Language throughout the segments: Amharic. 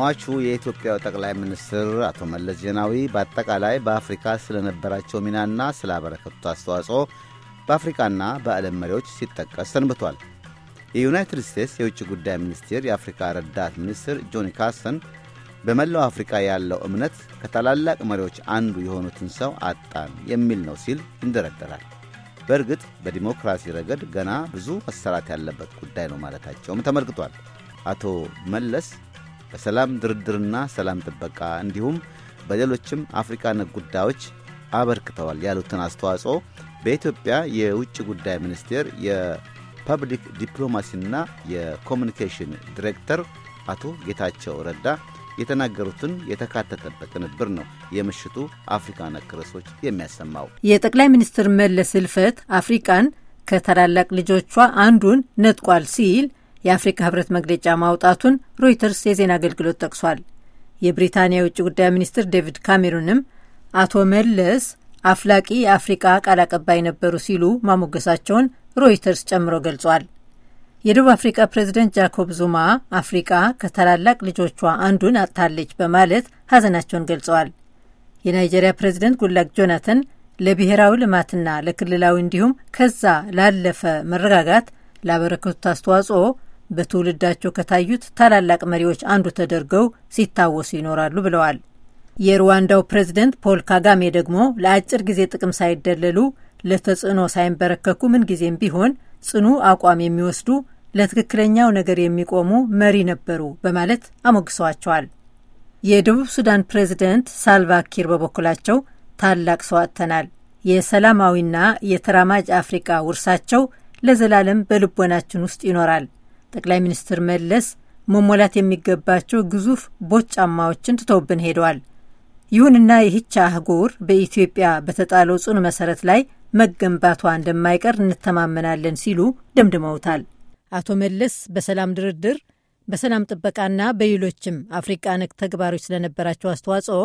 ሟቹ የኢትዮጵያው ጠቅላይ ሚኒስትር አቶ መለስ ዜናዊ በአጠቃላይ በአፍሪካ ስለነበራቸው ሚናና ስላበረከቱት አስተዋጽኦ በአፍሪካና በዓለም መሪዎች ሲጠቀስ ሰንብቷል። የዩናይትድ ስቴትስ የውጭ ጉዳይ ሚኒስቴር የአፍሪካ ረዳት ሚኒስትር ጆኒ ካርሰን በመላው አፍሪካ ያለው እምነት ከታላላቅ መሪዎች አንዱ የሆኑትን ሰው አጣን የሚል ነው ሲል ይንደረደራል። በእርግጥ በዲሞክራሲ ረገድ ገና ብዙ መሰራት ያለበት ጉዳይ ነው ማለታቸውም ተመልክቷል። አቶ መለስ በሰላም ድርድርና ሰላም ጥበቃ እንዲሁም በሌሎችም አፍሪካን ጉዳዮች አበርክተዋል ያሉትን አስተዋጽኦ በኢትዮጵያ የውጭ ጉዳይ ሚኒስቴር የፐብሊክ ዲፕሎማሲና የኮሚኒኬሽን ዲሬክተር አቶ ጌታቸው ረዳ የተናገሩትን የተካተተበት ቅንብር ነው የምሽቱ አፍሪካ ነክ ርዕሶች የሚያሰማው። የጠቅላይ ሚኒስትር መለስ ህልፈት አፍሪቃን ከታላላቅ ልጆቿ አንዱን ነጥቋል ሲል የአፍሪካ ህብረት መግለጫ ማውጣቱን ሮይተርስ የዜና አገልግሎት ጠቅሷል። የብሪታንያ የውጭ ጉዳይ ሚኒስትር ዴቪድ ካሜሩንም አቶ መለስ አፍላቂ የአፍሪቃ ቃል አቀባይ ነበሩ ሲሉ ማሞገሳቸውን ሮይተርስ ጨምሮ ገልጿል። የደቡብ አፍሪካ ፕሬዝደንት ጃኮብ ዙማ አፍሪቃ ከታላላቅ ልጆቿ አንዱን አጥታለች በማለት ሀዘናቸውን ገልጸዋል። የናይጄሪያ ፕሬዝደንት ጉላክ ጆናተን ለብሔራዊ ልማትና ለክልላዊ እንዲሁም ከዛ ላለፈ መረጋጋት ላበረከቱት አስተዋጽኦ በትውልዳቸው ከታዩት ታላላቅ መሪዎች አንዱ ተደርገው ሲታወሱ ይኖራሉ ብለዋል። የሩዋንዳው ፕሬዝደንት ፖል ካጋሜ ደግሞ ለአጭር ጊዜ ጥቅም ሳይደለሉ ለተጽዕኖ ሳይንበረከኩ ምንጊዜም ቢሆን ጽኑ አቋም የሚወስዱ ለትክክለኛው ነገር የሚቆሙ መሪ ነበሩ በማለት አሞግሰዋቸዋል። የደቡብ ሱዳን ፕሬዝደንት ሳልቫኪር በበኩላቸው ታላቅ ሰው አጥተናል፣ የሰላማዊና የተራማጅ አፍሪቃ ውርሳቸው ለዘላለም በልቦናችን ውስጥ ይኖራል ጠቅላይ ሚኒስትር መለስ መሞላት የሚገባቸው ግዙፍ ቦት ጫማዎችን ትተውብን ሄደዋል። ይሁንና ይህች አህጉር በኢትዮጵያ በተጣለው ጽኑ መሰረት ላይ መገንባቷ እንደማይቀር እንተማመናለን ሲሉ ደምድመውታል። አቶ መለስ በሰላም ድርድር፣ በሰላም ጥበቃና በሌሎችም አፍሪቃ ነክ ተግባሮች ስለነበራቸው አስተዋጽኦ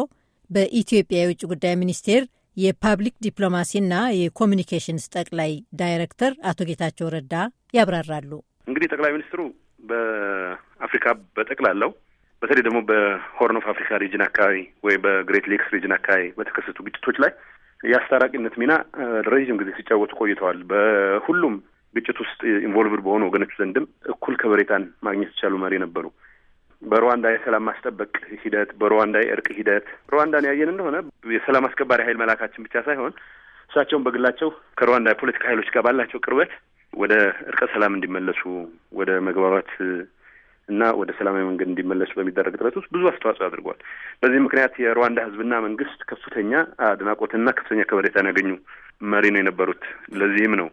በኢትዮጵያ የውጭ ጉዳይ ሚኒስቴር የፓብሊክ ዲፕሎማሲና የኮሚኒኬሽንስ ጠቅላይ ዳይሬክተር አቶ ጌታቸው ረዳ ያብራራሉ። እንግዲህ ጠቅላይ ሚኒስትሩ በአፍሪካ በጠቅላላው በተለይ ደግሞ በሆርን ኦፍ አፍሪካ ሪጅን አካባቢ ወይም በግሬት ሌክስ ሪጅን አካባቢ በተከሰቱ ግጭቶች ላይ የአስታራቂነት ሚና ረዥም ጊዜ ሲጫወቱ ቆይተዋል። በሁሉም ግጭት ውስጥ ኢንቮልቭድ በሆኑ ወገኖች ዘንድም እኩል ከበሬታን ማግኘት የቻሉ መሪ ነበሩ። በሩዋንዳ የሰላም ማስጠበቅ ሂደት፣ በሩዋንዳ የእርቅ ሂደት ሩዋንዳን ያየን እንደሆነ የሰላም አስከባሪ ኃይል መላካችን ብቻ ሳይሆን እሳቸውን በግላቸው ከሩዋንዳ የፖለቲካ ኃይሎች ጋር ባላቸው ቅርበት ወደ እርቀ ሰላም እንዲመለሱ ወደ መግባባት እና ወደ ሰላማዊ መንገድ እንዲመለሱ በሚደረግ ጥረት ውስጥ ብዙ አስተዋጽኦ አድርጓል። በዚህ ምክንያት የሩዋንዳ ህዝብና መንግስት ከፍተኛ አድናቆትና ከፍተኛ ከበሬታን ያገኙ መሪ ነው የነበሩት። ለዚህም ነው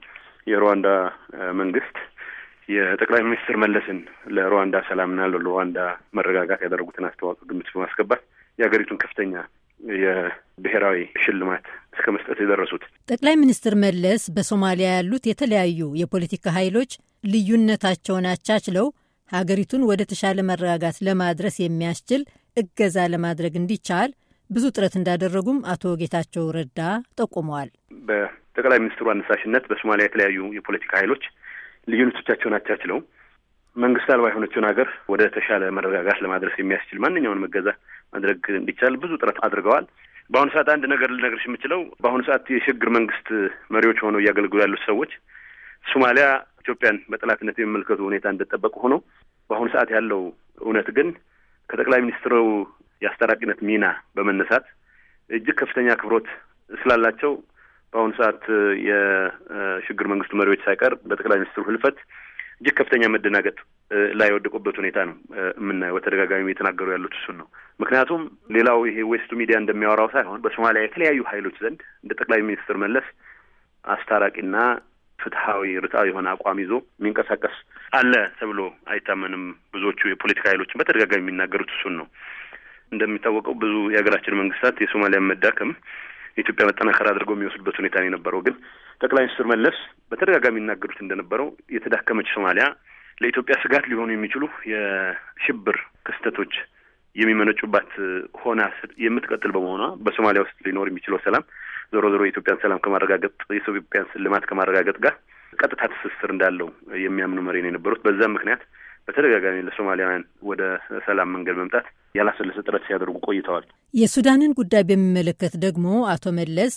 የሩዋንዳ መንግስት የጠቅላይ ሚኒስትር መለስን ለሩዋንዳ ሰላምና ለሩዋንዳ መረጋጋት ያደረጉትን አስተዋጽኦ ግምት በማስገባት የሀገሪቱን ከፍተኛ የብሔራዊ ሽልማት እስከ መስጠት የደረሱት ጠቅላይ ሚኒስትር መለስ በሶማሊያ ያሉት የተለያዩ የፖለቲካ ኃይሎች ልዩነታቸውን አቻችለው ሀገሪቱን ወደ ተሻለ መረጋጋት ለማድረስ የሚያስችል እገዛ ለማድረግ እንዲቻል ብዙ ጥረት እንዳደረጉም አቶ ጌታቸው ረዳ ጠቁመዋል። በጠቅላይ ሚኒስትሩ አነሳሽነት በሶማሊያ የተለያዩ የፖለቲካ ኃይሎች ልዩነቶቻቸውን አቻችለው መንግስት አልባ የሆነችውን ሀገር ወደ ተሻለ መረጋጋት ለማድረስ የሚያስችል ማንኛውንም እገዛ ማድረግ እንዲቻል ብዙ ጥረት አድርገዋል። በአሁኑ ሰዓት አንድ ነገር ልነግርሽ የምችለው በአሁኑ ሰዓት የሽግግር መንግስት መሪዎች ሆነው እያገልግሉ ያሉት ሰዎች ሶማሊያ ኢትዮጵያን በጠላትነት የሚመልከቱ ሁኔታ እንደጠበቁ ሆኖ በአሁኑ ሰዓት ያለው እውነት ግን ከጠቅላይ ሚኒስትሩ የአስታራቂነት ሚና በመነሳት እጅግ ከፍተኛ አክብሮት ስላላቸው በአሁኑ ሰዓት የሽግግር መንግስቱ መሪዎች ሳይቀር በጠቅላይ ሚኒስትሩ ህልፈት እጅግ ከፍተኛ መደናገጥ ላይ የወደቁበት ሁኔታ ነው የምናየው። በተደጋጋሚ የተናገሩ ያሉት እሱን ነው። ምክንያቱም ሌላው ይሄ ዌስቱ ሚዲያ እንደሚያወራው ሳይሆን በሶማሊያ የተለያዩ ኃይሎች ዘንድ እንደ ጠቅላይ ሚኒስትር መለስ አስታራቂና ፍትሐዊ ርትዓዊ የሆነ አቋም ይዞ የሚንቀሳቀስ አለ ተብሎ አይታመንም። ብዙዎቹ የፖለቲካ ኃይሎችን በተደጋጋሚ የሚናገሩት እሱን ነው። እንደሚታወቀው ብዙ የሀገራችን መንግስታት የሶማሊያን መዳከም የኢትዮጵያ መጠናከር አድርገው የሚወስዱበት ሁኔታ ነው የነበረው። ግን ጠቅላይ ሚኒስትር መለስ በተደጋጋሚ ይናገሩት እንደነበረው የተዳከመች ሶማሊያ ለኢትዮጵያ ስጋት ሊሆኑ የሚችሉ የሽብር ክስተቶች የሚመነጩባት ሆና የምትቀጥል በመሆኗ በሶማሊያ ውስጥ ሊኖር የሚችለው ሰላም ዞሮ ዞሮ የኢትዮጵያን ሰላም ከማረጋገጥ የኢትዮጵያን ልማት ከማረጋገጥ ጋር ቀጥታ ትስስር እንዳለው የሚያምኑ መሪ ነው የነበሩት። በዛም ምክንያት በተደጋጋሚ ለሶማሊያውያን ወደ ሰላም መንገድ መምጣት ያላሰለሰ ጥረት ሲያደርጉ ቆይተዋል። የሱዳንን ጉዳይ በሚመለከት ደግሞ አቶ መለስ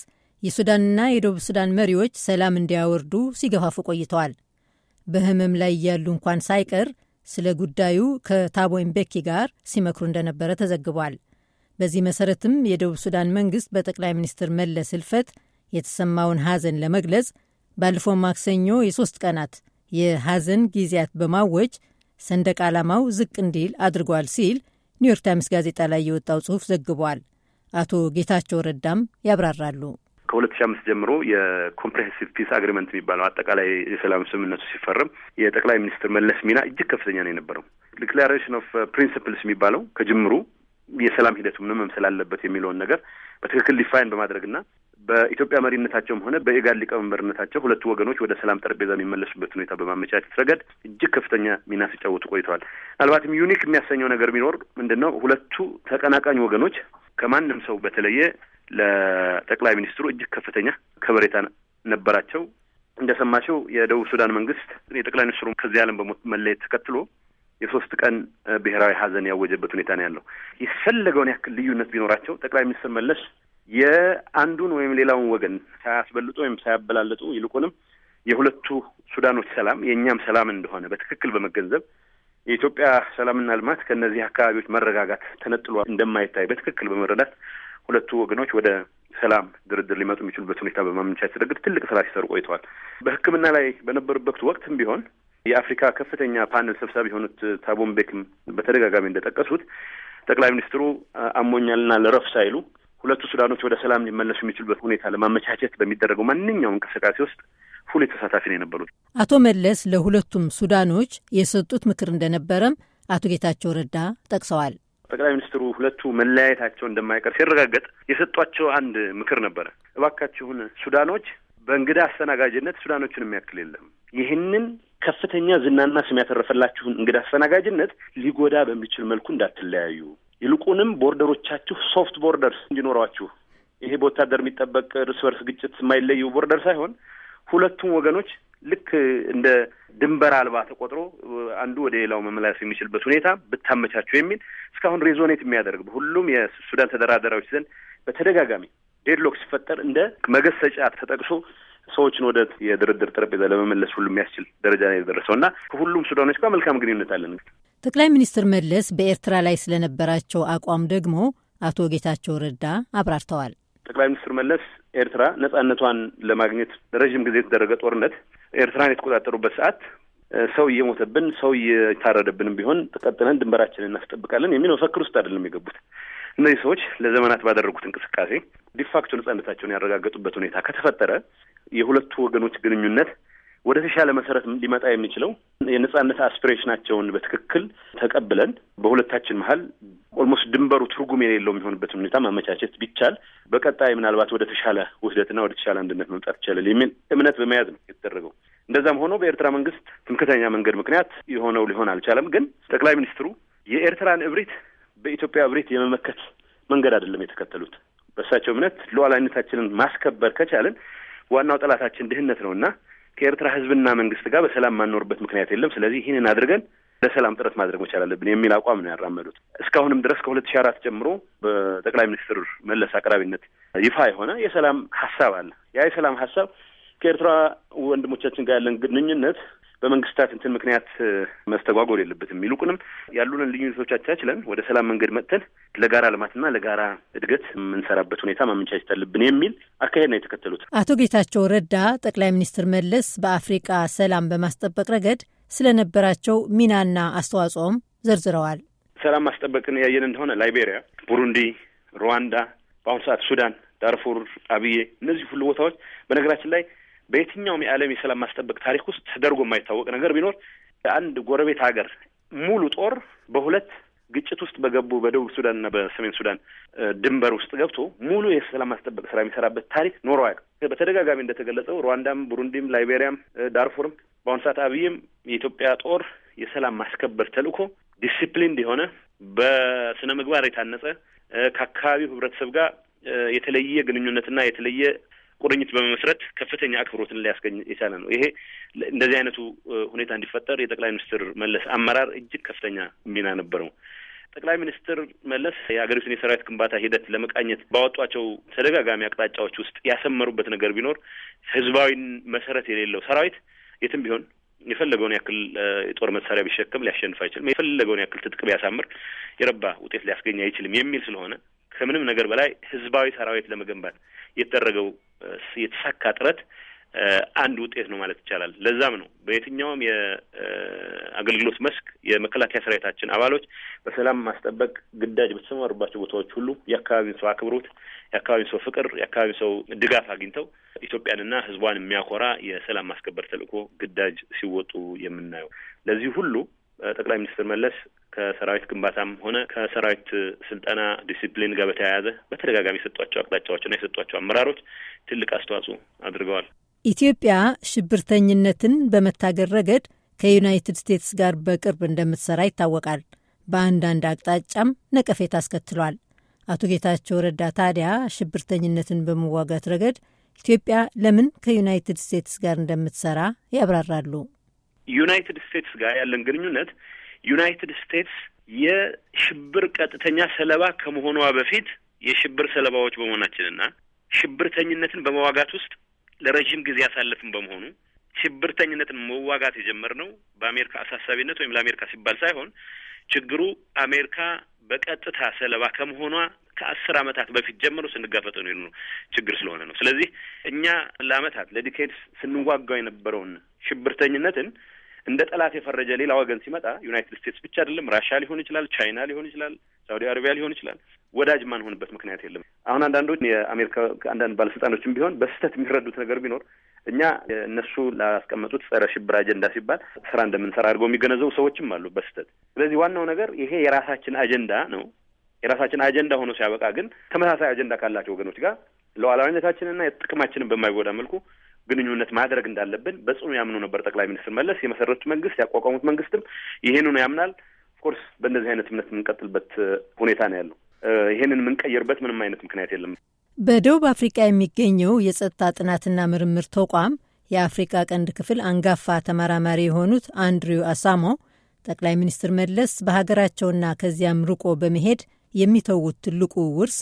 የሱዳንና የደቡብ ሱዳን መሪዎች ሰላም እንዲያወርዱ ሲገፋፉ ቆይተዋል። በህመም ላይ እያሉ እንኳን ሳይቀር ስለ ጉዳዩ ከታቦ ምቤኪ ጋር ሲመክሩ እንደነበረ ተዘግቧል። በዚህ መሰረትም የደቡብ ሱዳን መንግስት በጠቅላይ ሚኒስትር መለስ ህልፈት የተሰማውን ሐዘን ለመግለጽ ባለፈው ማክሰኞ የሶስት ቀናት የሐዘን ጊዜያት በማወጅ ሰንደቅ ዓላማው ዝቅ እንዲል አድርጓል ሲል ኒውዮርክ ታይምስ ጋዜጣ ላይ የወጣው ጽሑፍ ዘግቧል። አቶ ጌታቸው ረዳም ያብራራሉ። ከሁለት ሺ አምስት ጀምሮ የኮምፕሬሄንሲቭ ፒስ አግሪመንት የሚባለው አጠቃላይ የሰላም ስምምነቱ ሲፈረም የጠቅላይ ሚኒስትር መለስ ሚና እጅግ ከፍተኛ ነው የነበረው። ዲክላሬሽን ኦፍ ፕሪንስፕልስ የሚባለው ከጅምሩ የሰላም ሂደቱ ምን መምሰል አለበት የሚለውን ነገር በትክክል ዲፋይን በማድረግና በኢትዮጵያ መሪነታቸውም ሆነ በኢጋድ ሊቀመንበርነታቸው ሁለቱ ወገኖች ወደ ሰላም ጠረጴዛ የሚመለሱበት ሁኔታ በማመቻቸት ረገድ እጅግ ከፍተኛ ሚና ሲጫወቱ ቆይተዋል። ምናልባትም ዩኒክ የሚያሰኘው ነገር ቢኖር ምንድን ነው? ሁለቱ ተቀናቃኝ ወገኖች ከማንም ሰው በተለየ ለጠቅላይ ሚኒስትሩ እጅግ ከፍተኛ ከበሬታ ነበራቸው። እንደሰማቸው የደቡብ ሱዳን መንግስት የጠቅላይ ሚኒስትሩ ከዚህ ዓለም በሞት መለየት ተከትሎ የሶስት ቀን ብሔራዊ ሀዘን ያወጀበት ሁኔታ ነው ያለው። የፈለገውን ያክል ልዩነት ቢኖራቸው ጠቅላይ ሚኒስትር መለስ የአንዱን ወይም ሌላውን ወገን ሳያስበልጡ ወይም ሳያበላለጡ ይልቁንም የሁለቱ ሱዳኖች ሰላም የእኛም ሰላም እንደሆነ በትክክል በመገንዘብ የኢትዮጵያ ሰላምና ልማት ከእነዚህ አካባቢዎች መረጋጋት ተነጥሎ እንደማይታይ በትክክል በመረዳት ሁለቱ ወገኖች ወደ ሰላም ድርድር ሊመጡ የሚችሉበት ሁኔታ በማመቻቸት ረገድ ትልቅ ስራ ሲሰሩ ቆይተዋል። በሕክምና ላይ በነበሩበት ወቅትም ቢሆን የአፍሪካ ከፍተኛ ፓነል ሰብሳቢ የሆኑት ታቦም በተደጋጋሚ እንደጠቀሱት ጠቅላይ ሚኒስትሩ አሞኛልና ለረፍ ሳይሉ ሁለቱ ሱዳኖች ወደ ሰላም ሊመለሱ የሚችሉበት ሁኔታ ለማመቻቸት በሚደረገው ማንኛውም እንቅስቃሴ ውስጥ ሁሌ ተሳታፊ ነው የነበሩት። አቶ መለስ ለሁለቱም ሱዳኖች የሰጡት ምክር እንደነበረም አቶ ጌታቸው ረዳ ጠቅሰዋል። ጠቅላይ ሚኒስትሩ ሁለቱ መለያየታቸው እንደማይቀር ሲረጋገጥ የሰጧቸው አንድ ምክር ነበረ። እባካችሁን ሱዳኖች በእንግዳ አስተናጋጅነት ሱዳኖችን የሚያክል የለም። ይህንን ከፍተኛ ዝናና ስም ያተረፈላችሁን እንግዳ አስተናጋጅነት ሊጎዳ በሚችል መልኩ እንዳትለያዩ ይልቁንም ቦርደሮቻችሁ ሶፍት ቦርደርስ እንዲኖሯችሁ ይሄ በወታደር የሚጠበቅ እርስ በርስ ግጭት የማይለዩ ቦርደር ሳይሆን ሁለቱም ወገኖች ልክ እንደ ድንበር አልባ ተቆጥሮ አንዱ ወደ ሌላው መመላለስ የሚችልበት ሁኔታ ብታመቻችሁ የሚል እስካሁን ሬዞኔት የሚያደርግ በሁሉም የሱዳን ተደራዳሪዎች ዘንድ በተደጋጋሚ ዴድሎክ ሲፈጠር እንደ መገሰጫ ተጠቅሶ ሰዎችን ወደ የድርድር ጠረጴዛ ለመመለስ ሁሉ የሚያስችል ደረጃ ነው የደረሰው እና ከሁሉም ሱዳኖች ጋር መልካም ግንኙነት አለን። ጠቅላይ ሚኒስትር መለስ በኤርትራ ላይ ስለነበራቸው አቋም ደግሞ አቶ ጌታቸው ረዳ አብራርተዋል። ጠቅላይ ሚኒስትር መለስ ኤርትራ ነጻነቷን ለማግኘት ለረዥም ጊዜ የተደረገ ጦርነት ኤርትራን የተቆጣጠሩበት ሰዓት ሰው እየሞተብን ሰው እየታረደብንም ቢሆን ተቀጥለን ድንበራችንን እናስጠብቃለን የሚል መፈክር ውስጥ አይደለም የገቡት። እነዚህ ሰዎች ለዘመናት ባደረጉት እንቅስቃሴ ዲፋክቶ ነጻነታቸውን ያረጋገጡበት ሁኔታ ከተፈጠረ የሁለቱ ወገኖች ግንኙነት ወደ ተሻለ መሰረት ሊመጣ የሚችለው የነጻነት አስፒሬሽናቸውን በትክክል ተቀብለን በሁለታችን መሀል ኦልሞስት ድንበሩ ትርጉም የሌለው የሚሆንበትን ሁኔታ ማመቻቸት ቢቻል በቀጣይ ምናልባት ወደ ተሻለ ውህደትና ወደ ተሻለ አንድነት መምጣት ይቻላል የሚል እምነት በመያዝ ነው የተደረገው። እንደዛም ሆኖ በኤርትራ መንግስት ትምክተኛ መንገድ ምክንያት የሆነው ሊሆን አልቻለም። ግን ጠቅላይ ሚኒስትሩ የኤርትራን እብሪት በኢትዮጵያ እብሪት የመመከት መንገድ አይደለም የተከተሉት። በእሳቸው እምነት ሉዓላዊነታችንን ማስከበር ከቻልን ዋናው ጠላታችን ድህነት ነው እና ከኤርትራ ህዝብና መንግስት ጋር በሰላም ማንኖርበት ምክንያት የለም። ስለዚህ ይህንን አድርገን ለሰላም ጥረት ማድረግ መቻል አለብን የሚል አቋም ነው ያራመዱት። እስካሁንም ድረስ ከሁለት ሺ አራት ጀምሮ በጠቅላይ ሚኒስትር መለስ አቅራቢነት ይፋ የሆነ የሰላም ሀሳብ አለ። ያ የሰላም ሀሳብ ከኤርትራ ወንድሞቻችን ጋር ያለን ግንኙነት በመንግስታት እንትን ምክንያት መስተጓጎል የለበትም። ይልቁንም ያሉንን ልዩነቶቻችን ችለን ወደ ሰላም መንገድ መጥተን ለጋራ ልማትና ለጋራ እድገት የምንሰራበት ሁኔታ ማመቻቸት አለብን የሚል አካሄድ ነው የተከተሉት አቶ ጌታቸው ረዳ። ጠቅላይ ሚኒስትር መለስ በአፍሪቃ ሰላም በማስጠበቅ ረገድ ስለነበራቸው ሚናና አስተዋጽኦም ዘርዝረዋል። ሰላም ማስጠበቅን ያየን እንደሆነ ላይቤሪያ፣ ቡሩንዲ፣ ሩዋንዳ፣ በአሁኑ ሰዓት ሱዳን ዳርፉር፣ አብዬ እነዚህ ሁሉ ቦታዎች በነገራችን ላይ በየትኛውም የዓለም የሰላም ማስጠበቅ ታሪክ ውስጥ ተደርጎ የማይታወቅ ነገር ቢኖር አንድ ጎረቤት ሀገር ሙሉ ጦር በሁለት ግጭት ውስጥ በገቡ በደቡብ ሱዳን እና በሰሜን ሱዳን ድንበር ውስጥ ገብቶ ሙሉ የሰላም ማስጠበቅ ስራ የሚሰራበት ታሪክ ኖሮ አያውቅም። በተደጋጋሚ እንደተገለጸው ሩዋንዳም፣ ቡሩንዲም፣ ላይቤሪያም፣ ዳርፉርም በአሁኑ ሰዓት አብይም የኢትዮጵያ ጦር የሰላም ማስከበር ተልእኮ ዲሲፕሊን የሆነ በስነ ምግባር የታነጸ ከአካባቢው ህብረተሰብ ጋር የተለየ ግንኙነትና የተለየ ቁርኝት በመመስረት ከፍተኛ አክብሮትን ሊያስገኝ የቻለ ነው። ይሄ እንደዚህ አይነቱ ሁኔታ እንዲፈጠር የጠቅላይ ሚኒስትር መለስ አመራር እጅግ ከፍተኛ ሚና ነበረው። ጠቅላይ ሚኒስትር መለስ የሀገሪቱን የሰራዊት ግንባታ ሂደት ለመቃኘት ባወጧቸው ተደጋጋሚ አቅጣጫዎች ውስጥ ያሰመሩበት ነገር ቢኖር ህዝባዊን መሰረት የሌለው ሰራዊት የትም ቢሆን የፈለገውን ያክል የጦር መሳሪያ ቢሸከም ሊያሸንፍ አይችልም፣ የፈለገውን ያክል ትጥቅ ቢያሳምር የረባ ውጤት ሊያስገኝ አይችልም የሚል ስለሆነ ከምንም ነገር በላይ ህዝባዊ ሰራዊት ለመገንባት የተደረገው የተሳካ ጥረት አንድ ውጤት ነው ማለት ይቻላል። ለዛም ነው በየትኛውም የአገልግሎት መስክ የመከላከያ ሰራዊታችን አባሎች በሰላም ማስጠበቅ ግዳጅ በተሰማሩባቸው ቦታዎች ሁሉ የአካባቢውን ሰው አክብሮት፣ የአካባቢውን ሰው ፍቅር፣ የአካባቢውን ሰው ድጋፍ አግኝተው ኢትዮጵያንና ሕዝቧን የሚያኮራ የሰላም ማስከበር ተልእኮ ግዳጅ ሲወጡ የምናየው ለዚህ ሁሉ ጠቅላይ ሚኒስትር መለስ ከሰራዊት ግንባታም ሆነ ከሰራዊት ስልጠና ዲሲፕሊን ጋር በተያያዘ በተደጋጋሚ የሰጧቸው አቅጣጫዎችና የሰጧቸው አመራሮች ትልቅ አስተዋጽኦ አድርገዋል። ኢትዮጵያ ሽብርተኝነትን በመታገል ረገድ ከዩናይትድ ስቴትስ ጋር በቅርብ እንደምትሰራ ይታወቃል። በአንዳንድ አቅጣጫም ነቀፌት አስከትሏል። አቶ ጌታቸው ረዳ ታዲያ ሽብርተኝነትን በመዋጋት ረገድ ኢትዮጵያ ለምን ከዩናይትድ ስቴትስ ጋር እንደምትሰራ ያብራራሉ። ዩናይትድ ስቴትስ ጋር ያለን ግንኙነት ዩናይትድ ስቴትስ የሽብር ቀጥተኛ ሰለባ ከመሆኗ በፊት የሽብር ሰለባዎች በመሆናችንና ሽብርተኝነትን በመዋጋት ውስጥ ለረዥም ጊዜ ያሳለፍን በመሆኑ ሽብርተኝነትን መዋጋት የጀመርነው በአሜሪካ አሳሳቢነት ወይም ለአሜሪካ ሲባል ሳይሆን ችግሩ አሜሪካ በቀጥታ ሰለባ ከመሆኗ ከአስር ዓመታት በፊት ጀምሮ ስንጋፈጠው ነው ችግር ስለሆነ ነው። ስለዚህ እኛ ለዓመታት ለዲኬድስ ስንዋጋው የነበረውን ሽብርተኝነትን እንደ ጠላት የፈረጀ ሌላ ወገን ሲመጣ ዩናይትድ ስቴትስ ብቻ አይደለም፣ ራሽያ ሊሆን ይችላል፣ ቻይና ሊሆን ይችላል፣ ሳውዲ አረቢያ ሊሆን ይችላል። ወዳጅ ማንሆንበት ምክንያት የለም። አሁን አንዳንዶች የአሜሪካ አንዳንድ ባለስልጣኖችም ቢሆን በስህተት የሚረዱት ነገር ቢኖር እኛ እነሱ ላስቀመጡት ጸረ ሽብር አጀንዳ ሲባል ስራ እንደምንሰራ አድርገው የሚገነዘቡ ሰዎችም አሉ በስህተት። ስለዚህ ዋናው ነገር ይሄ የራሳችን አጀንዳ ነው። የራሳችን አጀንዳ ሆኖ ሲያበቃ ግን ተመሳሳይ አጀንዳ ካላቸው ወገኖች ጋር ለዋላዊነታችንና ጥቅማችንን በማይጎዳ መልኩ ግንኙነት ማድረግ እንዳለብን በጽኑ ያምኑ ነበር ጠቅላይ ሚኒስትር መለስ። የመሰረቱት መንግስት ያቋቋሙት መንግስትም ይህንኑ ያምናል። ኦፍኮርስ በእንደዚህ አይነት እምነት የምንቀጥልበት ሁኔታ ነው ያለው። ይህንን የምንቀይርበት ምንም አይነት ምክንያት የለም። በደቡብ አፍሪካ የሚገኘው የጸጥታ ጥናትና ምርምር ተቋም የአፍሪካ ቀንድ ክፍል አንጋፋ ተመራማሪ የሆኑት አንድሪው አሳሞ ጠቅላይ ሚኒስትር መለስ በሀገራቸውና ከዚያም ርቆ በመሄድ የሚተዉት ትልቁ ውርስ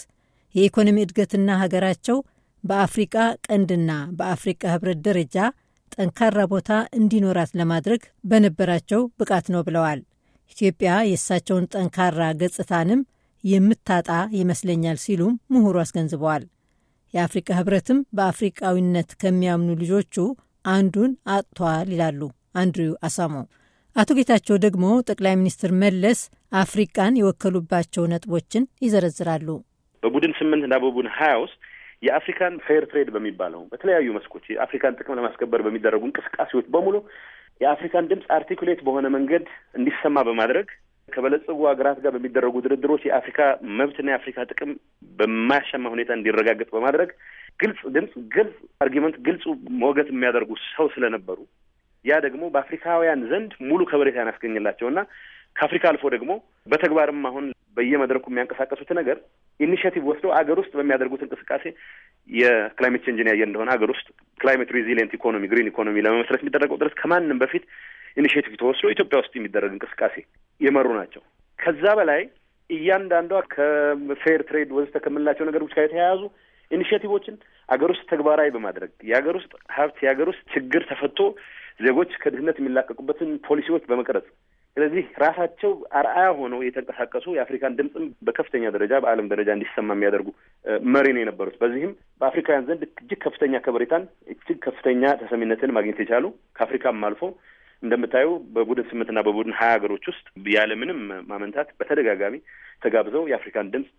የኢኮኖሚ እድገትና ሀገራቸው በአፍሪቃ ቀንድና በአፍሪቃ ህብረት ደረጃ ጠንካራ ቦታ እንዲኖራት ለማድረግ በነበራቸው ብቃት ነው ብለዋል። ኢትዮጵያ የእሳቸውን ጠንካራ ገጽታንም የምታጣ ይመስለኛል ሲሉም ምሁሩ አስገንዝበዋል። የአፍሪቃ ህብረትም በአፍሪቃዊነት ከሚያምኑ ልጆቹ አንዱን አጥቷል ይላሉ አንድሪው አሳሞ። አቶ ጌታቸው ደግሞ ጠቅላይ ሚኒስትር መለስ አፍሪቃን የወከሉባቸው ነጥቦችን ይዘረዝራሉ። በቡድን እና በቡድን ሀያ ውስጥ የአፍሪካን ፌር ትሬድ በሚባለው በተለያዩ መስኮች የአፍሪካን ጥቅም ለማስከበር በሚደረጉ እንቅስቃሴዎች በሙሉ የአፍሪካን ድምፅ አርቲኩሌት በሆነ መንገድ እንዲሰማ በማድረግ ከበለጸጉ ሀገራት ጋር በሚደረጉ ድርድሮች የአፍሪካ መብትና የአፍሪካ ጥቅም በማያሻማ ሁኔታ እንዲረጋገጥ በማድረግ ግልጽ ድምፅ፣ ግልጽ አርጊመንት፣ ግልጹ ሞገት የሚያደርጉ ሰው ስለነበሩ ያ ደግሞ በአፍሪካውያን ዘንድ ሙሉ ከበሬታ ያስገኝላቸው እና ከአፍሪካ አልፎ ደግሞ በተግባርም አሁን በየመድረኩ የሚያንቀሳቀሱት ነገር ኢኒሽቲቭ ወስደው አገር ውስጥ በሚያደርጉት እንቅስቃሴ የክላይሜት ቼንጅን ያየ እንደሆነ ሀገር ውስጥ ክላይሜት ሬዚሊየንት ኢኮኖሚ ግሪን ኢኮኖሚ ለመመስረት የሚደረገው ጥረት ከማንም በፊት ኢኒሽቲቭ ተወስዶ ኢትዮጵያ ውስጥ የሚደረግ እንቅስቃሴ የመሩ ናቸው። ከዛ በላይ እያንዳንዷ ከፌር ትሬድ ወዘተ ከምንላቸው ነገሮች ጋር የተያያዙ ኢኒሽቲቮችን አገር ውስጥ ተግባራዊ በማድረግ የሀገር ውስጥ ሀብት የሀገር ውስጥ ችግር ተፈቶ ዜጎች ከድህነት የሚላቀቁበትን ፖሊሲዎች በመቅረጽ ስለዚህ ራሳቸው አርአያ ሆነው የተንቀሳቀሱ የአፍሪካን ድምፅም በከፍተኛ ደረጃ በዓለም ደረጃ እንዲሰማ የሚያደርጉ መሪ ነው የነበሩት። በዚህም በአፍሪካውያን ዘንድ እጅግ ከፍተኛ ከበሬታን፣ እጅግ ከፍተኛ ተሰሚነትን ማግኘት የቻሉ ከአፍሪካም አልፎ እንደምታዩ በቡድን ስምንትና በቡድን ሀያ ሀገሮች ውስጥ ያለምንም ማመንታት በተደጋጋሚ ተጋብዘው የአፍሪካን ድምፅ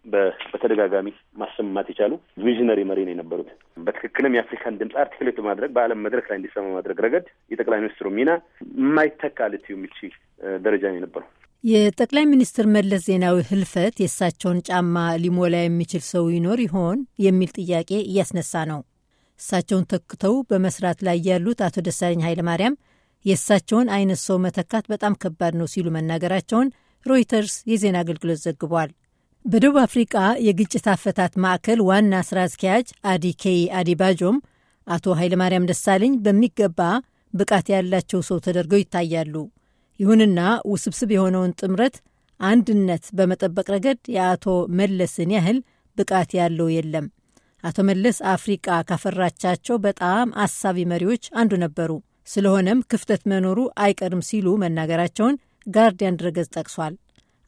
በተደጋጋሚ ማሰማት የቻሉ ቪዥነሪ መሪ ነው የነበሩት። በትክክልም የአፍሪካን ድምፅ አርቲክሌት በማድረግ በዓለም መድረክ ላይ እንዲሰማ ማድረግ ረገድ የጠቅላይ ሚኒስትሩ ሚና የማይተካ ልትዩ የሚችል ደረጃ ነው የነበረው። የጠቅላይ ሚኒስትር መለስ ዜናዊ ህልፈት የእሳቸውን ጫማ ሊሞላ የሚችል ሰው ይኖር ይሆን የሚል ጥያቄ እያስነሳ ነው። እሳቸውን ተክተው በመስራት ላይ ያሉት አቶ ደሳለኝ ኃይለማርያም የእሳቸውን አይነት ሰው መተካት በጣም ከባድ ነው ሲሉ መናገራቸውን ሮይተርስ የዜና አገልግሎት ዘግቧል። በደቡብ አፍሪቃ የግጭት አፈታት ማዕከል ዋና ስራ አስኪያጅ አዲኬይ አዲባጆም አቶ ኃይለማርያም ደሳለኝ በሚገባ ብቃት ያላቸው ሰው ተደርገው ይታያሉ። ይሁንና ውስብስብ የሆነውን ጥምረት አንድነት በመጠበቅ ረገድ የአቶ መለስን ያህል ብቃት ያለው የለም። አቶ መለስ አፍሪቃ ካፈራቻቸው በጣም አሳቢ መሪዎች አንዱ ነበሩ። ስለሆነም ክፍተት መኖሩ አይቀርም ሲሉ መናገራቸውን ጋርዲያን ድረገጽ ጠቅሷል።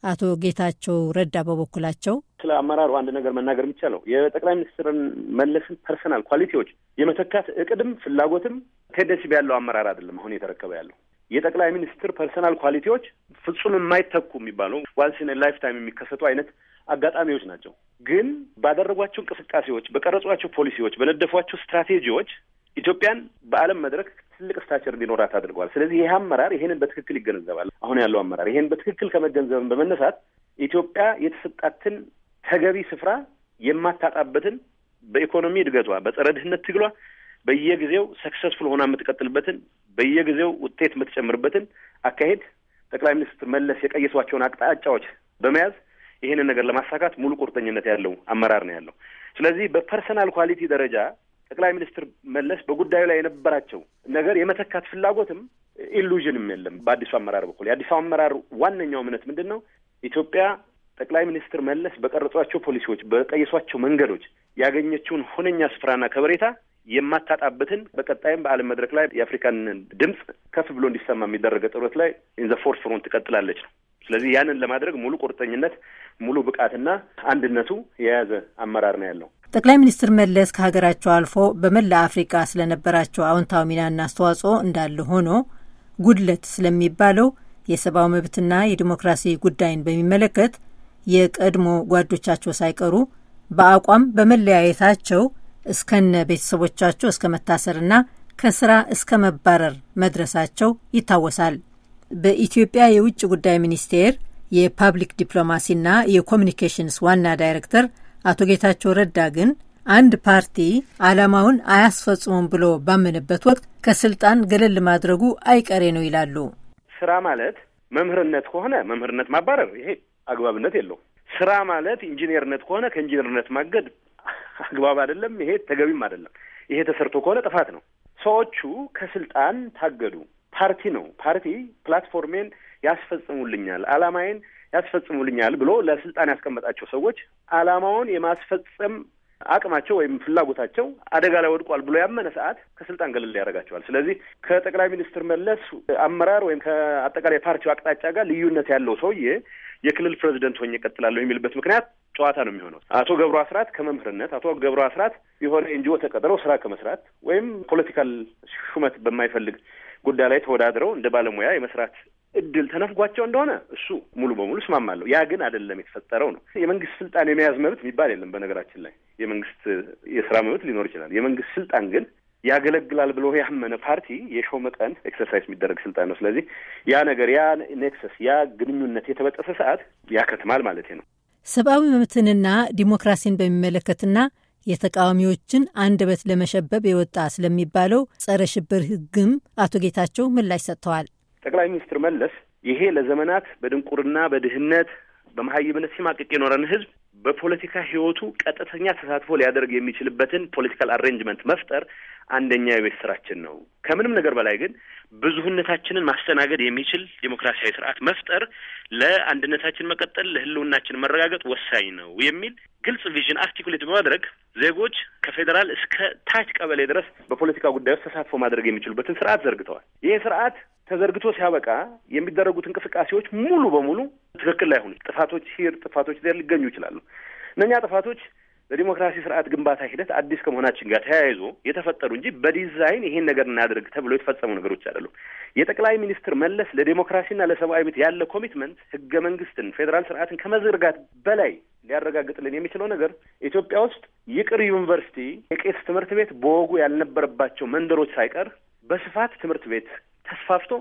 አቶ ጌታቸው ረዳ በበኩላቸው ስለ አመራሩ አንድ ነገር መናገር የሚቻለው የጠቅላይ ሚኒስትርን መለስን ፐርሰናል ኳሊቲዎች የመተካት እቅድም ፍላጎትም ቴንደንሲ ያለው አመራር አይደለም አሁን የተረከበ ያለው የጠቅላይ ሚኒስትር ፐርሰናል ኳሊቲዎች ፍጹም የማይተኩ የሚባሉ ዋንስ ኢን ላይፍ ታይም የሚከሰቱ አይነት አጋጣሚዎች ናቸው። ግን ባደረጓቸው እንቅስቃሴዎች፣ በቀረጿቸው ፖሊሲዎች፣ በነደፏቸው ስትራቴጂዎች ኢትዮጵያን በዓለም መድረክ ትልቅ ስታቸር እንዲኖራት አድርገዋል። ስለዚህ ይህ አመራር ይሄንን በትክክል ይገነዘባል። አሁን ያለው አመራር ይሄን በትክክል ከመገንዘብን በመነሳት ኢትዮጵያ የተሰጣትን ተገቢ ስፍራ የማታጣበትን በኢኮኖሚ እድገቷ፣ በጸረ ድህነት ትግሏ በየጊዜው ሰክሰስፉል ሆና የምትቀጥልበትን በየጊዜው ውጤት የምትጨምርበትን አካሄድ ጠቅላይ ሚኒስትር መለስ የቀየሷቸውን አቅጣጫዎች በመያዝ ይህንን ነገር ለማሳካት ሙሉ ቁርጠኝነት ያለው አመራር ነው ያለው። ስለዚህ በፐርሰናል ኳሊቲ ደረጃ ጠቅላይ ሚኒስትር መለስ በጉዳዩ ላይ የነበራቸው ነገር የመተካት ፍላጎትም ኢሉዥንም የለም። በአዲሱ አመራር በኩል የአዲሱ አመራር ዋነኛው እምነት ምንድን ነው? ኢትዮጵያ ጠቅላይ ሚኒስትር መለስ በቀረጿቸው ፖሊሲዎች፣ በቀየሷቸው መንገዶች ያገኘችውን ሁነኛ ስፍራና ከበሬታ የማታጣበትን በቀጣይም በዓለም መድረክ ላይ የአፍሪካን ድምፅ ከፍ ብሎ እንዲሰማ የሚደረገ ጥረት ላይ ኢን ዘ ፎርስ ፍሮንት ትቀጥላለች ነው። ስለዚህ ያንን ለማድረግ ሙሉ ቁርጠኝነት፣ ሙሉ ብቃትና አንድነቱ የያዘ አመራር ነው ያለው። ጠቅላይ ሚኒስትር መለስ ከሀገራቸው አልፎ በመላ አፍሪቃ ስለነበራቸው አዎንታዊ ሚናና አስተዋጽኦ እንዳለ ሆኖ ጉድለት ስለሚባለው የሰብአዊ መብትና የዲሞክራሲ ጉዳይን በሚመለከት የቀድሞ ጓዶቻቸው ሳይቀሩ በአቋም በመለያየታቸው እስከነ ቤተሰቦቻቸው እስከ መታሰርና ከስራ እስከ መባረር መድረሳቸው ይታወሳል። በኢትዮጵያ የውጭ ጉዳይ ሚኒስቴር የፓብሊክ ዲፕሎማሲና የኮሚኒኬሽንስ ዋና ዳይሬክተር አቶ ጌታቸው ረዳ ግን አንድ ፓርቲ ዓላማውን አያስፈጽሙም ብሎ ባመነበት ወቅት ከስልጣን ገለል ማድረጉ አይቀሬ ነው ይላሉ። ስራ ማለት መምህርነት ከሆነ መምህርነት ማባረር፣ ይሄ አግባብነት የለውም። ስራ ማለት ኢንጂነርነት ከሆነ ከኢንጂነርነት ማገድ አግባብ አይደለም። ይሄ ተገቢም አይደለም። ይሄ ተሰርቶ ከሆነ ጥፋት ነው። ሰዎቹ ከስልጣን ታገዱ። ፓርቲ ነው። ፓርቲ ፕላትፎርሜን ያስፈጽሙልኛል፣ ዓላማዬን ያስፈጽሙልኛል ብሎ ለስልጣን ያስቀመጣቸው ሰዎች ዓላማውን የማስፈጸም አቅማቸው ወይም ፍላጎታቸው አደጋ ላይ ወድቋል ብሎ ያመነ ሰዓት ከስልጣን ገለል ያደርጋቸዋል። ስለዚህ ከጠቅላይ ሚኒስትር መለስ አመራር ወይም ከአጠቃላይ ፓርቲው አቅጣጫ ጋር ልዩነት ያለው ሰውዬ የክልል ፕሬዚደንት ሆኜ እቀጥላለሁ የሚልበት ምክንያት ጨዋታ ነው የሚሆነው። አቶ ገብሩ አስራት ከመምህርነት፣ አቶ ገብሩ አስራት የሆነ ኤንጂኦ ተቀጥረው ስራ ከመስራት ወይም ፖለቲካል ሹመት በማይፈልግ ጉዳይ ላይ ተወዳድረው እንደ ባለሙያ የመስራት እድል ተነፍጓቸው እንደሆነ እሱ ሙሉ በሙሉ እስማማለሁ። ያ ግን አይደለም የተፈጠረው ነው። የመንግስት ስልጣን የመያዝ መብት የሚባል የለም። በነገራችን ላይ የመንግስት የስራ መብት ሊኖር ይችላል። የመንግስት ስልጣን ግን ያገለግላል ብሎ ያመነ ፓርቲ የሾመ ቀን ኤክሰርሳይዝ የሚደረግ ስልጣን ነው። ስለዚህ ያ ነገር ያ ኔክሰስ ያ ግንኙነት የተበጠሰ ሰዓት ያከትማል ማለት ነው። ሰብአዊ መብትንና ዲሞክራሲን በሚመለከትና የተቃዋሚዎችን አንደበት ለመሸበብ የወጣ ስለሚባለው ጸረ ሽብር ህግም አቶ ጌታቸው ምላሽ ሰጥተዋል። ጠቅላይ ሚኒስትር መለስ ይሄ ለዘመናት በድንቁርና በድህነት በመሀይምነት ሲማቅቅ የኖረን ህዝብ በፖለቲካ ህይወቱ ቀጥተኛ ተሳትፎ ሊያደርግ የሚችልበትን ፖለቲካል አሬንጅመንት መፍጠር አንደኛ የቤት ስራችን ነው። ከምንም ነገር በላይ ግን ብዙህነታችንን ማስተናገድ የሚችል ዴሞክራሲያዊ ስርዓት መፍጠር ለአንድነታችን መቀጠል፣ ለህልውናችን መረጋገጥ ወሳኝ ነው የሚል ግልጽ ቪዥን አርቲኩሌት በማድረግ ዜጎች ከፌዴራል እስከ ታች ቀበሌ ድረስ በፖለቲካ ጉዳዮች ተሳትፎ ማድረግ የሚችሉበትን ስርዓት ዘርግተዋል። ይህ ስርዓት ተዘርግቶ ሲያበቃ የሚደረጉት እንቅስቃሴዎች ሙሉ በሙሉ ትክክል ላይሆን ጥፋቶች ሂር ጥፋቶች ዜር ሊገኙ ይችላሉ። እነኛ ጥፋቶች በዲሞክራሲ ስርዓት ግንባታ ሂደት አዲስ ከመሆናችን ጋር ተያይዞ የተፈጠሩ እንጂ በዲዛይን ይሄን ነገር እናድርግ ተብሎ የተፈጸሙ ነገሮች አይደሉም። የጠቅላይ ሚኒስትር መለስ ለዲሞክራሲና ለሰብአዊ መብት ያለ ኮሚትመንት ህገ መንግስትን ፌዴራል ስርዓትን ከመዘርጋት በላይ ሊያረጋግጥልን የሚችለው ነገር ኢትዮጵያ ውስጥ ይቅር ዩኒቨርሲቲ፣ የቄስ ትምህርት ቤት በወጉ ያልነበረባቸው መንደሮች ሳይቀር በስፋት ትምህርት ቤት ተስፋፍቶ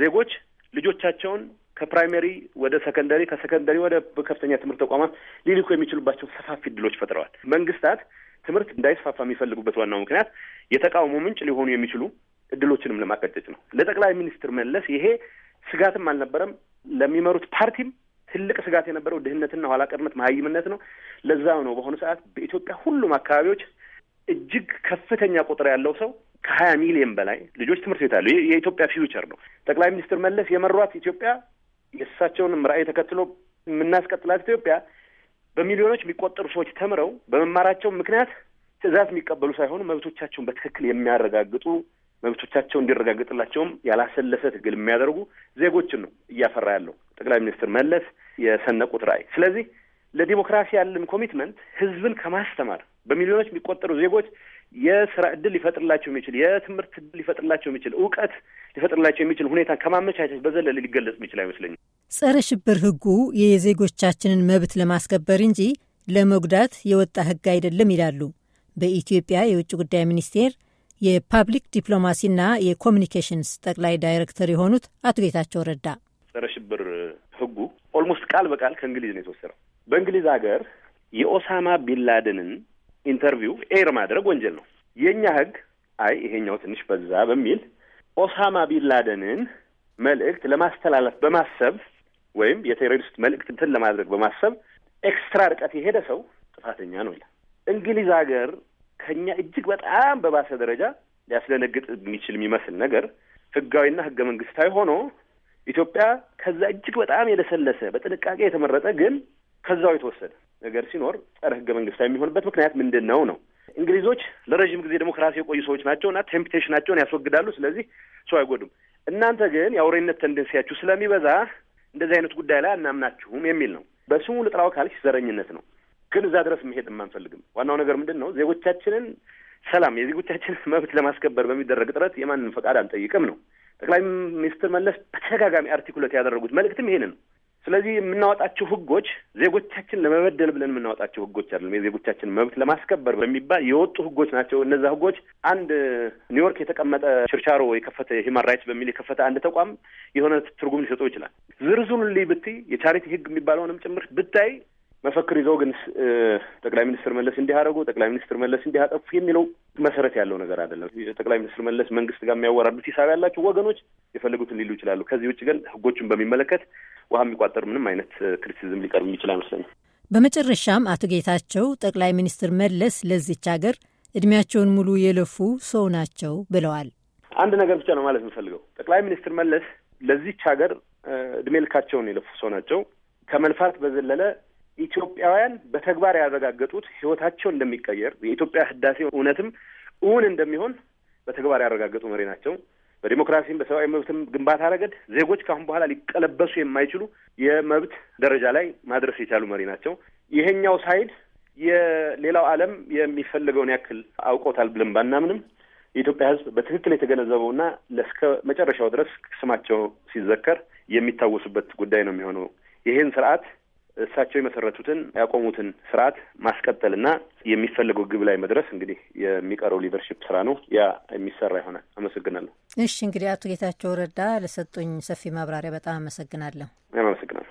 ዜጎች ልጆቻቸውን ከፕራይመሪ ወደ ሰከንደሪ ከሰከንደሪ ወደ ከፍተኛ ትምህርት ተቋማት ሊልኩ የሚችሉባቸው ሰፋፊ እድሎች ፈጥረዋል። መንግስታት ትምህርት እንዳይስፋፋ የሚፈልጉበት ዋናው ምክንያት የተቃውሞ ምንጭ ሊሆኑ የሚችሉ እድሎችንም ለማቀጨጭ ነው። ለጠቅላይ ሚኒስትር መለስ ይሄ ስጋትም አልነበረም። ለሚመሩት ፓርቲም ትልቅ ስጋት የነበረው ድህነትና ኋላቀርነት መሀይምነት ነው። ለዛም ነው በአሁኑ ሰዓት በኢትዮጵያ ሁሉም አካባቢዎች እጅግ ከፍተኛ ቁጥር ያለው ሰው ከሀያ ሚሊዮን በላይ ልጆች ትምህርት ቤት አሉ። የኢትዮጵያ ፊውቸር ነው። ጠቅላይ ሚኒስትር መለስ የመሯት ኢትዮጵያ የእሳቸውንም ራዕይ ተከትሎ የምናስቀጥላት ኢትዮጵያ በሚሊዮኖች የሚቆጠሩ ሰዎች ተምረው በመማራቸው ምክንያት ትዕዛዝ የሚቀበሉ ሳይሆኑ መብቶቻቸውን በትክክል የሚያረጋግጡ መብቶቻቸው እንዲረጋግጥላቸውም ያላሰለሰ ትግል የሚያደርጉ ዜጎችን ነው እያፈራ ያለው ጠቅላይ ሚኒስትር መለስ የሰነቁት ራዕይ። ስለዚህ ለዲሞክራሲ ያለን ኮሚትመንት ህዝብን ከማስተማር በሚሊዮኖች የሚቆጠሩ ዜጎች የስራ እድል ሊፈጥርላቸው የሚችል የትምህርት እድል ሊፈጥርላቸው የሚችል እውቀት ሊፈጥርላቸው የሚችል ሁኔታ ከማመቻቸት በዘለለ ሊገለጽ የሚችል አይመስለኝም። ጸረ ሽብር ህጉ የዜጎቻችንን መብት ለማስከበር እንጂ ለመጉዳት የወጣ ህግ አይደለም ይላሉ በኢትዮጵያ የውጭ ጉዳይ ሚኒስቴር የፓብሊክ ዲፕሎማሲና የኮሚኒኬሽንስ ጠቅላይ ዳይሬክተር የሆኑት አቶ ጌታቸው ረዳ ጸረ ሽብር ህጉ ኦልሞስት ቃል በቃል ከእንግሊዝ ነው የተወሰደው። በእንግሊዝ ሀገር የኦሳማ ቢንላደንን ኢንተርቪው ኤር ማድረግ ወንጀል ነው። የእኛ ህግ አይ ይሄኛው ትንሽ በዛ በሚል ኦሳማ ቢንላደንን መልእክት ለማስተላለፍ በማሰብ ወይም የቴሮሪስት መልእክት እንትን ለማድረግ በማሰብ ኤክስትራ ርቀት የሄደ ሰው ጥፋተኛ ነው ይላል። እንግሊዝ ሀገር ከኛ እጅግ በጣም በባሰ ደረጃ ሊያስደነግጥ የሚችል የሚመስል ነገር ህጋዊና ህገ መንግስታዊ ሆኖ ኢትዮጵያ ከዛ እጅግ በጣም የለሰለሰ በጥንቃቄ የተመረጠ ግን ከዛው የተወሰደ ነገር ሲኖር ጸረ ህገ መንግስታዊ የሚሆንበት ምክንያት ምንድን ነው ነው እንግሊዞች ለረዥም ጊዜ ዲሞክራሲ የቆዩ ሰዎች ናቸው እና ቴምፕቴሽናቸውን ያስወግዳሉ። ስለዚህ ሰው አይጎዱም። እናንተ ግን የአውሬነት ተንደንሲያችሁ ስለሚበዛ እንደዚህ አይነት ጉዳይ ላይ አናምናችሁም የሚል ነው። በስሙ ልጥራው ካልሽ ዘረኝነት ነው። ግን እዛ ድረስ መሄድ የማንፈልግም። ዋናው ነገር ምንድን ነው? ዜጎቻችንን ሰላም፣ የዜጎቻችንን መብት ለማስከበር በሚደረግ ጥረት የማንም ፈቃድ አንጠይቅም ነው። ጠቅላይ ሚኒስትር መለስ በተደጋጋሚ አርቲኩለት ያደረጉት መልእክትም ይሄንን ነው። ስለዚህ የምናወጣቸው ህጎች ዜጎቻችን ለመበደል ብለን የምናወጣቸው ህጎች አይደለም። የዜጎቻችን መብት ለማስከበር በሚባል የወጡ ህጎች ናቸው። እነዛ ህጎች አንድ ኒውዮርክ የተቀመጠ ችርቻሮ የከፈተ ሂማን ራይትስ በሚል የከፈተ አንድ ተቋም የሆነ ትርጉም ሊሰጠው ይችላል። ዝርዝሩን ልይ ብትይ የቻሪቲ ህግ የሚባለውንም ጭምር ብታይ መፈክር ይዘው ግን ጠቅላይ ሚኒስትር መለስ እንዲህ አደረጉ፣ ጠቅላይ ሚኒስትር መለስ እንዲህ አጠፉ የሚለው መሰረት ያለው ነገር አይደለም። ጠቅላይ ሚኒስትር መለስ መንግስት ጋር የሚያወራዱት ሂሳብ ያላቸው ወገኖች የፈለጉትን ሊሉ ይችላሉ። ከዚህ ውጭ ግን ህጎቹን በሚመለከት ውሃ የሚቋጠር ምንም አይነት ክሪቲሲዝም ሊቀርብ የሚችል አይመስለኝም። በመጨረሻም አቶ ጌታቸው ጠቅላይ ሚኒስትር መለስ ለዚች ሀገር እድሜያቸውን ሙሉ የለፉ ሰው ናቸው ብለዋል። አንድ ነገር ብቻ ነው ማለት የምፈልገው። ጠቅላይ ሚኒስትር መለስ ለዚች ሀገር እድሜ ልካቸውን የለፉ ሰው ናቸው። ከመልፋት በዘለለ ኢትዮጵያውያን በተግባር ያረጋገጡት ህይወታቸው እንደሚቀየር የኢትዮጵያ ህዳሴ እውነትም እውን እንደሚሆን በተግባር ያረጋገጡ መሪ ናቸው። በዲሞክራሲም በሰብአዊ መብትም ግንባታ ረገድ ዜጎች ከአሁን በኋላ ሊቀለበሱ የማይችሉ የመብት ደረጃ ላይ ማድረስ የቻሉ መሪ ናቸው። ይሄኛው ሳይድ የሌላው ዓለም የሚፈልገውን ያክል አውቆታል ብለን ባናምንም የኢትዮጵያ ሕዝብ በትክክል የተገነዘበውና ለእስከ መጨረሻው ድረስ ስማቸው ሲዘከር የሚታወሱበት ጉዳይ ነው የሚሆነው። ይህን ስርዓት እሳቸው የመሰረቱትን ያቆሙትን ስርዓት ማስቀጠልና የሚፈለገው ግብ ላይ መድረስ እንግዲህ የሚቀረው ሊደርሽፕ ስራ ነው። ያ የሚሰራ ይሆናል። አመሰግናለሁ። እሺ እንግዲህ አቶ ጌታቸው ረዳ ለሰጡኝ ሰፊ ማብራሪያ በጣም አመሰግናለሁ። አመሰግናለሁ።